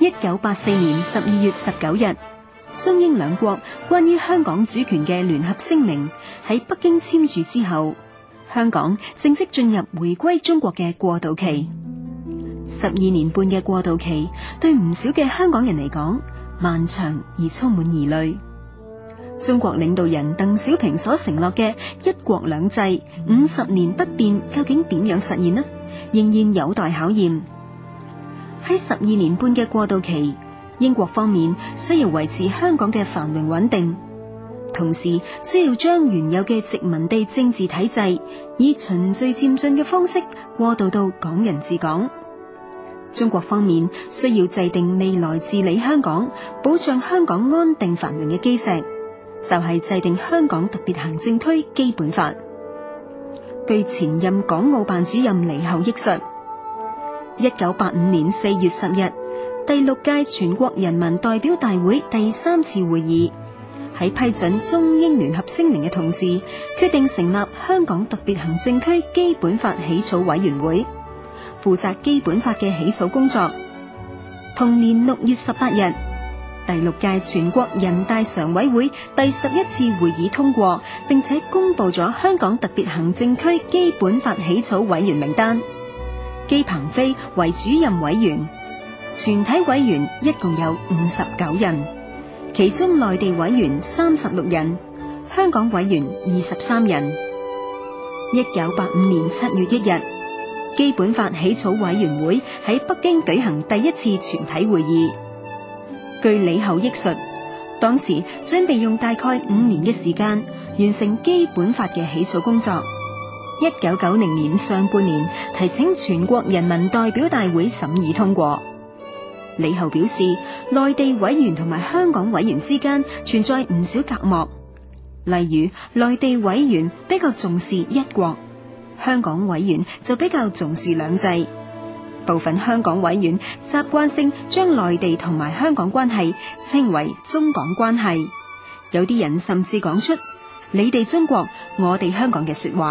一九八四年十二月十九日，中英兩國關於香港主權嘅聯合聲明喺北京簽署之後，香港正式進入回歸中國嘅過渡期。十二年半嘅過渡期，對唔少嘅香港人嚟講，漫長而充滿疑慮。中國領導人鄧小平所承諾嘅一國兩制五十年不變，究竟點樣實現呢？仍然有待考驗。喺十二年半嘅過渡期，英國方面需要維持香港嘅繁榮穩定，同時需要將原有嘅殖民地政治體制以循序漸進嘅方式過渡到，到港人治港。中國方面需要制定未來治理香港、保障香港安定繁榮嘅基石，就係、是、制定《香港特別行政區基本法》。據前任港澳辦主任李後憶述。一九八五年四月十日，第六屆全國人民代表大會第三次會議喺批准中英聯合聲明嘅同時，決定成立香港特別行政區基本法起草委員會，負責基本法嘅起草工作。同年六月十八日，第六屆全國人大常委會第十一次會議通過，並且公布咗香港特別行政區基本法起草委員名單。姬鵬飛為主任委員，全體委員一共有五十九人，其中內地委員三十六人，香港委員二十三人。一九八五年七月一日，基本法起草委員會喺北京舉行第一次全體會議。據李後憶述，當時準備用大概五年嘅時間完成基本法嘅起草工作。一九九零年上半年提請全國人民代表大會審議通過。李后表示，內地委員同埋香港委員之間存在唔少隔膜，例如內地委員比較重視一國，香港委員就比較重視兩制。部分香港委員習慣性將內地同埋香港關係稱為中港關係，有啲人甚至講出你哋中國，我哋香港嘅說話。